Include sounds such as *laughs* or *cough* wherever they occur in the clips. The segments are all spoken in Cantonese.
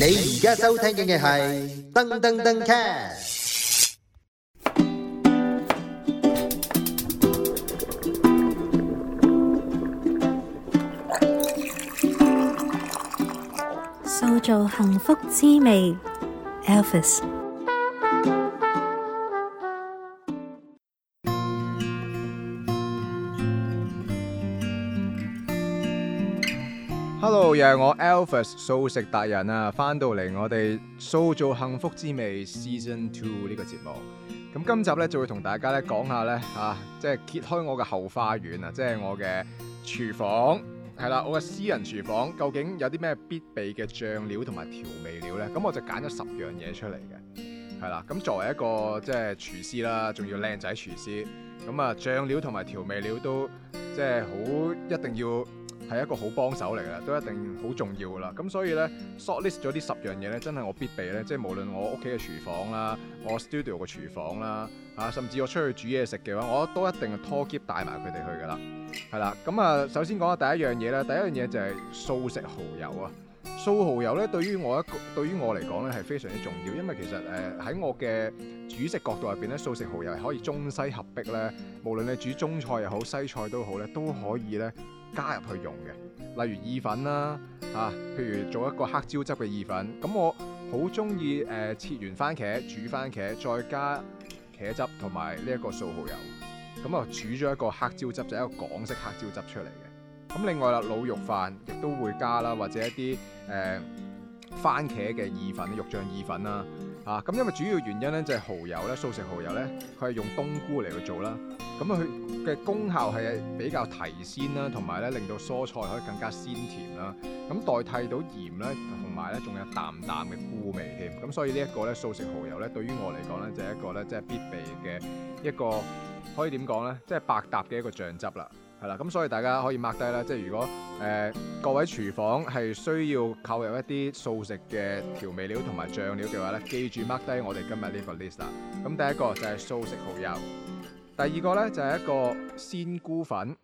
你而家收聽嘅係噔噔噔 cast，塑造幸福滋味，Elvis。hello，又、yeah，係我 Alpha 素食達人啊，翻到嚟我哋塑造幸福滋味 Season Two 呢個節目，咁今集咧就會同大家咧講下咧啊，即係揭開我嘅後花園啊，即係我嘅廚房係啦，我嘅私人廚房究竟有啲咩必備嘅醬料同埋調味料咧？咁我就揀咗十樣嘢出嚟嘅，係啦，咁作為一個即係廚師啦，仲要靚仔廚師，咁啊醬料同埋調味料都即係好一定要。係一個好幫手嚟㗎，都一定好重要㗎啦。咁所以呢 short list 咗呢十樣嘢呢，真係我必備呢，即係無論我屋企嘅廚房啦，我 studio 嘅廚房啦，啊，甚至我出去煮嘢食嘅話，我都一定係拖 keep 帶埋佢哋去㗎啦。係啦，咁啊，首先講下第一樣嘢咧。第一樣嘢就係素食蠔油啊！素蠔油呢，對於我一個對於我嚟講呢，係非常之重要，因為其實誒喺、呃、我嘅煮食角度入邊呢，素食蠔油係可以中西合璧呢。無論你煮中菜又好西菜都好呢，都可以呢。加入去用嘅，例如意粉啦，啊，譬如做一個黑椒汁嘅意粉，咁我好中意誒切完番茄，煮番茄，再加茄汁同埋呢一個素蠔油，咁我煮咗一個黑椒汁，就係一個港式黑椒汁出嚟嘅。咁另外啦，滷肉飯亦都會加啦，或者一啲誒番茄嘅意粉、肉醬意粉啦，啊，咁因為主要原因咧就係、係、蠔油咧，素食蠔油咧，佢係用冬菇嚟去做啦。咁佢嘅功效係比較提鮮啦，同埋咧令到蔬菜可以更加鮮甜啦。咁代替到鹽咧，同埋咧仲有淡淡嘅菇味添。咁所以呢一個咧素食蠔油咧，對於我嚟講咧就係、是、一個咧即係必備嘅一個，可以點講咧即係百搭嘅一個醬汁啦。係啦，咁所以大家可以 mark 低啦。即係如果誒、呃、各位廚房係需要購入一啲素食嘅調味料同埋醬料嘅話咧，記住 mark 低我哋今日呢個 list 啦。咁第一個就係素食蠔油。第二個咧就係、是、一個鮮菇粉，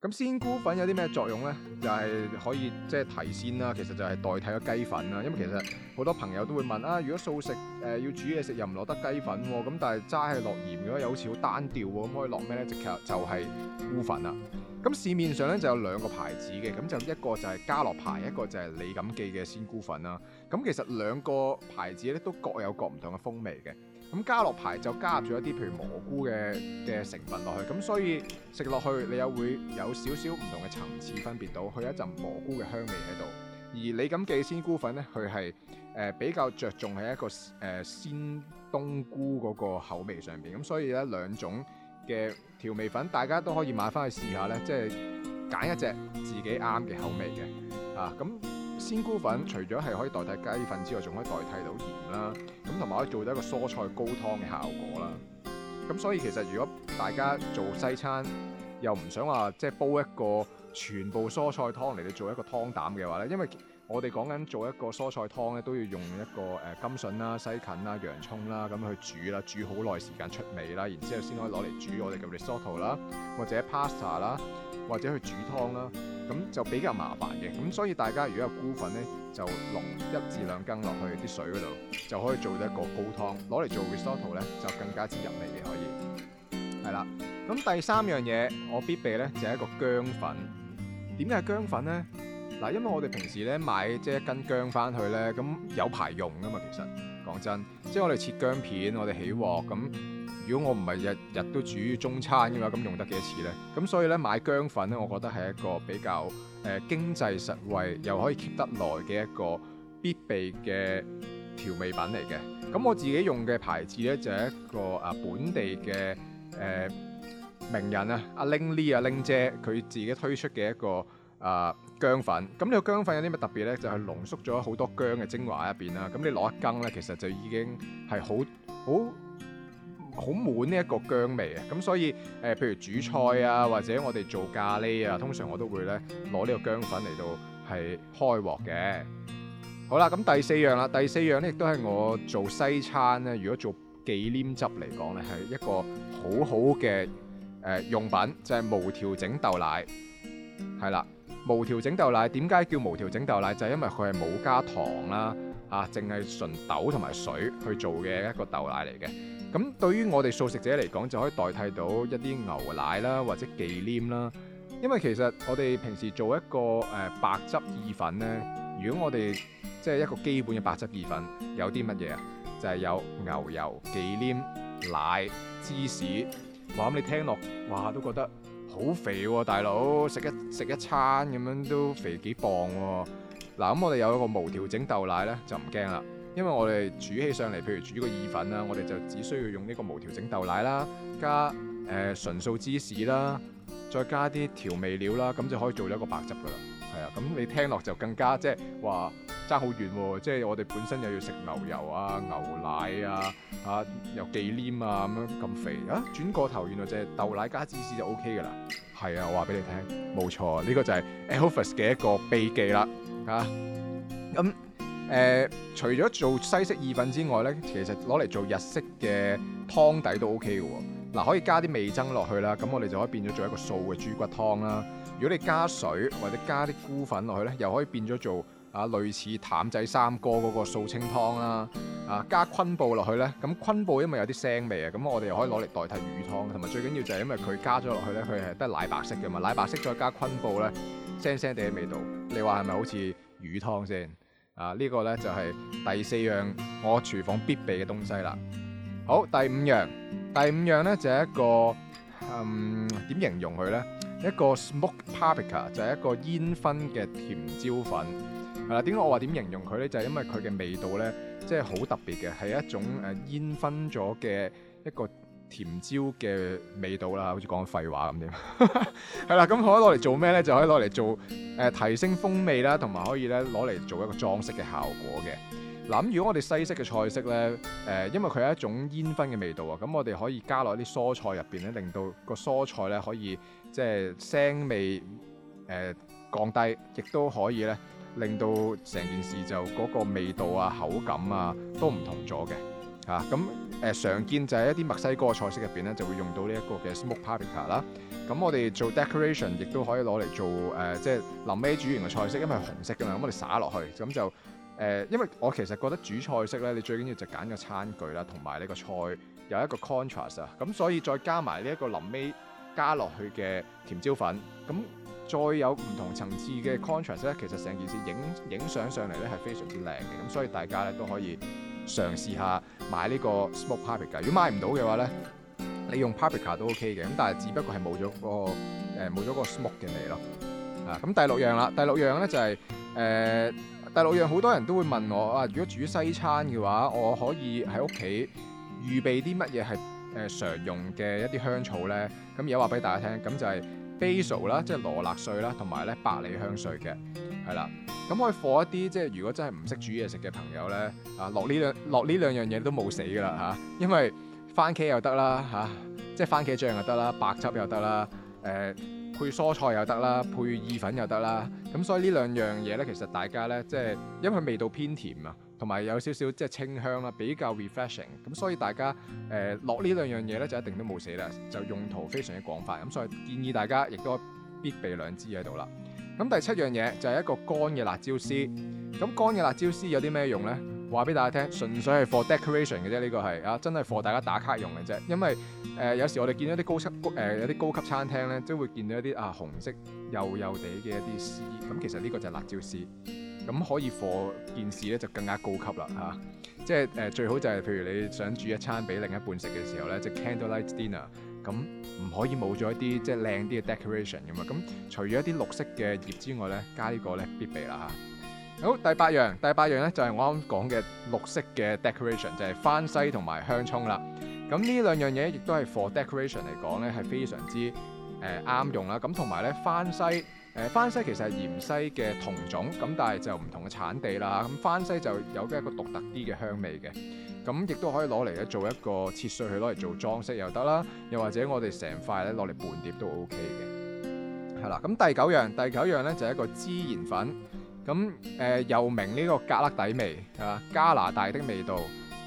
咁鮮菇粉有啲咩作用咧？就係、是、可以即係、就是、提鮮啦，其實就係代替咗雞粉啦。因為其實好多朋友都會問啊，如果素食誒、呃、要煮嘢食又唔落得雞粉喎，咁、啊、但係齋係落鹽嘅話，又好似好單調喎，咁、啊、可以落咩咧？即係其實就係、是、菇粉啦。咁市面上咧就有兩個牌子嘅，咁就一個就係家樂牌，一個就係李錦記嘅鮮菇粉啦。咁其實兩個牌子咧都各有各唔同嘅風味嘅。咁家樂牌就加入咗一啲譬如蘑菇嘅嘅成分落去，咁所以食落去你又會有少少唔同嘅層次分別到，佢一陣蘑菇嘅香味喺度。而李錦記鮮菇粉咧，佢係誒比較着重喺一個誒、呃、鮮冬菇嗰個口味上邊，咁所以咧兩種嘅調味粉大家都可以買翻去試下咧，即係揀一隻自己啱嘅口味嘅，啊咁。鮮菇粉除咗係可以代替雞粉之外，仲可以代替到鹽啦，咁同埋可以做到一個蔬菜高湯嘅效果啦。咁所以其實如果大家做西餐又唔想話即係煲一個全部蔬菜湯嚟到做一個湯膽嘅話咧，因為我哋講緊做一個蔬菜湯咧，都要用一個誒甘筍啦、西芹啦、洋葱啦咁去煮啦，煮好耐時間出味啦，然之後先可以攞嚟煮我哋嘅 risotto 啦，或者 pasta 啦，或者去煮湯啦。咁就比較麻煩嘅，咁所以大家如果有菇粉咧，就落一至兩羹落去啲水嗰度，就可以做一個高湯，攞嚟做 risotto 咧就更加之入味嘅可以。係啦，咁第三樣嘢我必備咧就係、是、一個薑粉。點解薑粉咧？嗱，因為我哋平時咧買即係、就是、一斤薑翻去咧，咁有排用噶嘛。其實講真，即、就、係、是、我哋切薑片，我哋起鍋起鑊咁。如果我唔係日日都煮中餐嘅話，咁用得幾多次咧？咁所以咧買薑粉咧，我覺得係一個比較誒、呃、經濟實惠又可以 keep 得耐嘅一個必備嘅調味品嚟嘅。咁我自己用嘅牌子咧就係、是、一個啊本地嘅誒、呃、名人啊，阿 Ling Lee，啊 Ling 姐佢自己推出嘅一個啊薑、呃、粉。咁呢個薑粉有啲咩特別咧？就係、是、濃縮咗好多薑嘅精華喺入邊啦。咁你攞一羹咧，其實就已經係好好。好滿呢一個薑味啊！咁所以誒、呃，譬如煮菜啊，或者我哋做咖喱啊，通常我都會咧攞呢個薑粉嚟到係開鑊嘅。好啦，咁第四樣啦，第四樣咧，亦都係我做西餐咧，如果做忌廉汁嚟講咧，係一個好好嘅誒用品，就係、是、無調整豆奶係啦。無調整豆奶點解叫無調整豆奶？就係、是、因為佢係冇加糖啦、啊，啊，淨係純豆同埋水去做嘅一個豆奶嚟嘅。咁對於我哋素食者嚟講，就可以代替到一啲牛奶啦，或者忌廉啦。因為其實我哋平時做一個誒、呃、白汁意粉呢，如果我哋即係一個基本嘅白汁意粉，有啲乜嘢啊？就係、是、有牛油、忌廉、奶、芝士。哇！咁你聽落，哇都覺得好肥喎、啊，大佬食一食一餐咁樣都肥幾磅喎、啊。嗱，咁我哋有一個無調整豆奶呢，就唔驚啦。因為我哋煮起上嚟，譬如煮個意粉啦，我哋就只需要用呢個無調整豆奶啦，加誒純、呃、素芝士啦，再加啲調味料啦，咁就可以做咗一個白汁噶啦。係啊，咁你聽落就更加即係話爭好遠喎，即係、哦、我哋本身又要食牛油啊、牛奶啊、啊又忌廉啊咁樣咁肥啊，轉過頭原來就係豆奶加芝士就 OK 噶啦。係啊，我話俾你聽，冇錯，呢、這個就係 Elvis 嘅一個秘技啦，嚇、啊！誒、呃，除咗做西式意粉之外咧，其實攞嚟做日式嘅湯底都 OK 嘅喎。嗱、啊，可以加啲味噌落去啦，咁我哋就可以變咗做一個素嘅豬骨湯啦、啊。如果你加水或者加啲菇粉落去咧，又可以變咗做啊類似淡仔三哥嗰個素清湯啦、啊。啊，加昆布落去咧，咁、嗯、昆布因為有啲腥味啊，咁我哋又可以攞嚟代替魚湯，同埋最緊要就係因為佢加咗落去咧，佢係得奶白色嘅嘛，奶白色再加昆布咧，腥腥哋嘅味道，你話係咪好似魚湯先？啊，呢個呢就係第四樣我廚房必備嘅東西啦。好，第五樣，第五樣呢就係一個，嗯，點形容佢呢？一個 smoked paprika 就係一個煙熏嘅甜椒粉。係啦，點解我話點形容佢呢？就係因為佢嘅味道呢，即係好特別嘅，係一種誒煙熏咗嘅一個。甜椒嘅味道啦，好似講廢話咁點？係 *laughs* 啦，咁可以攞嚟做咩咧？就可以攞嚟做誒、呃、提升風味啦，同埋可以咧攞嚟做一個裝飾嘅效果嘅。嗱咁，如果我哋西式嘅菜式咧，誒、呃，因為佢係一種煙熏嘅味道啊，咁我哋可以加落啲蔬菜入邊咧，令到個蔬菜咧可以即係、就是、腥味誒、呃、降低，亦都可以咧令到成件事就嗰個味道啊、口感啊都唔同咗嘅。嚇咁誒，常見就係一啲墨西哥嘅菜式入邊咧，就會用到呢一個嘅 smoked paprika 啦、啊。咁、嗯、我哋做 decoration 亦都可以攞嚟做誒、呃，即係臨尾煮完嘅菜式，因為紅色㗎嘛，咁、嗯、我哋灑落去咁就誒，因為我其實覺得煮菜式咧，你最緊要就揀個餐具啦，同埋呢個菜有一個 contrast 啊。咁所以再加埋呢一個臨尾加落去嘅甜椒粉，咁、啊、再有唔同層次嘅 contrast 咧、啊，其實成件事影影相上嚟咧係非常之靚嘅。咁、啊嗯、所以大家咧都可以。嘗試下買呢個 smoked paprika。如果買唔到嘅話咧，你用 paprika 都 OK 嘅。咁但係只不過係冇咗嗰個冇咗、呃、個 smoke 嘅味咯。啊，咁第六樣啦，第六樣咧就係、是、誒、呃、第六樣好多人都會問我啊，如果煮西餐嘅話，我可以喺屋企預備啲乜嘢係誒常用嘅一啲香草咧？咁而家話俾大家聽，咁就係 basil 啦，即係羅勒碎啦，同埋咧百里香碎嘅。係啦，咁可以放一啲，即係如果真係唔識煮嘢食嘅朋友咧，啊，落呢兩落呢兩樣嘢都冇死㗎啦嚇，因為番茄又得啦嚇、啊，即係番茄醬又得啦，白汁又得啦，誒、呃、配蔬菜又得啦，配意粉又得啦。咁所以呢兩樣嘢咧，其實大家咧即係因為味道偏甜啊，同埋有少少即係清香啦，比較 refreshing。咁所以大家誒落呢兩樣嘢咧就一定都冇死啦，就用途非常之廣泛。咁所以建議大家亦都必備兩支喺度啦。咁第七樣嘢就係、是、一個乾嘅辣椒絲。咁乾嘅辣椒絲有啲咩用咧？話俾大家聽，純粹係 for decoration 嘅啫。呢、這個係啊，真係 for 大家打卡用嘅啫。因為誒、呃，有時我哋見到啲高級誒、呃、有啲高級餐廳咧，都會見到一啲啊紅色幼幼地嘅一啲絲。咁其實呢個就係辣椒絲。咁可以 for 件事咧就更加高級啦嚇、啊。即係誒、呃、最好就係譬如你想煮一餐俾另一半食嘅時候咧，即、就是、candlelight dinner。咁唔可以冇咗一啲即係靚啲嘅 decoration 㗎嘛？咁除咗一啲綠色嘅葉之外咧，加呢個咧必備啦嚇。好，第八樣，第八樣咧就係我啱講嘅綠色嘅 decoration，就係番西同埋香葱啦。咁呢兩樣嘢亦都係 for decoration 嚟講咧，係非常之誒啱用啦。咁同埋咧番西。誒番西其實係芫茜嘅同種，咁但係就唔同嘅產地啦。咁番西就有嘅一個獨特啲嘅香味嘅，咁亦都可以攞嚟咧做一個切碎去攞嚟做裝飾又得啦，又或者我哋成塊咧攞嚟拌碟都 OK 嘅。係啦，咁第九樣，第九樣咧就係一個孜然粉，咁誒又名呢個格勒底味，係加拿大的味道。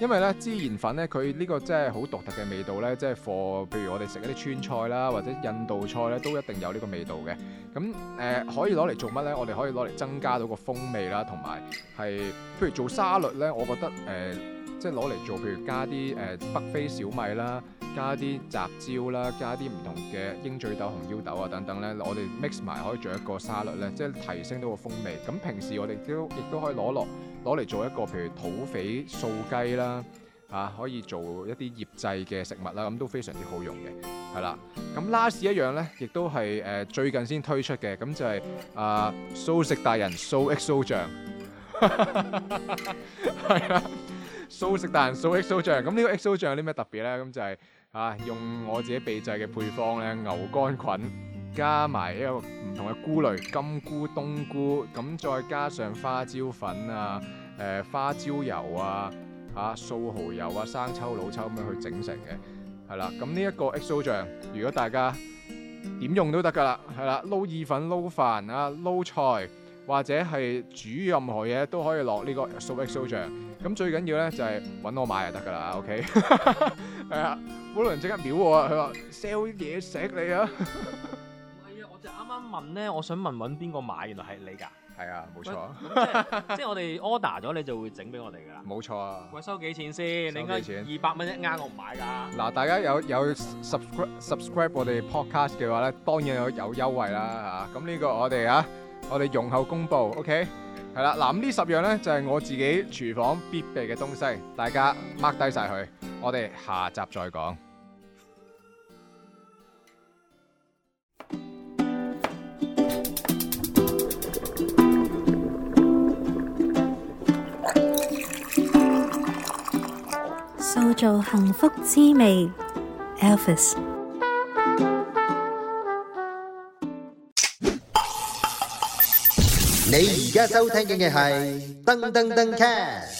因為咧孜然粉咧佢呢個即係好獨特嘅味道咧，即係 for 譬如我哋食一啲川菜啦，或者印度菜咧都一定有呢個味道嘅。咁誒、呃、可以攞嚟做乜咧？我哋可以攞嚟增加到個風味啦，同埋係譬如做沙律咧，我覺得誒、呃、即係攞嚟做，譬如加啲誒、呃、北非小米啦，加啲雜椒啦，加啲唔同嘅鷹嘴豆、紅腰豆啊等等咧，我哋 mix 埋可以做一個沙律咧，即係提升到個風味。咁平時我哋都亦都可以攞落。攞嚟做一個譬如土匪素雞啦，嚇可以做一啲醃製嘅食物啦，咁都非常之好用嘅，係啦。咁 last 一樣咧，亦都係誒最近先推出嘅，咁就係啊，素食達人素 XO 醬，係啦，素食達人素 XO 醬。咁呢個 XO 醬有啲咩特別咧？咁就係啊，用我自己秘製嘅配方咧，牛肝菌。加埋一個唔同嘅菇類，金菇、冬菇，咁再加上花椒粉啊，誒、呃、花椒油啊，吓、啊、素蠔油啊，生抽、老抽咁樣去整成嘅，係啦。咁呢一個 XO 醬，如果大家點用都得噶啦，係啦，撈意粉、撈飯啊、撈菜，或者係煮任何嘢都可以落呢個素 XO 醬。咁最緊要咧就係、是、搵我買就得噶啦，OK？係 *laughs* 啊，威廉即刻秒我啊，佢話 sell 嘢食你啊。 *laughs* 問咧，我想問問邊個買，原來係你㗎，係啊，冇錯。即係我哋 order 咗，你就會整俾我哋㗎啦。冇錯啊。佢收幾錢先？你應該二百蚊一啱，我唔買㗎。嗱，大家有有 subscribe subscribe 我哋 podcast 嘅話咧，當然有有優惠啦嚇。咁呢個我哋啊，我哋容後公佈，OK？係啦，嗱，咁呢十樣咧就係我自己廚房必備嘅東西，大家 mark 低晒佢，我哋下集再講。做幸福滋味，Elvis。你而家收聽嘅係噔噔噔 Cast。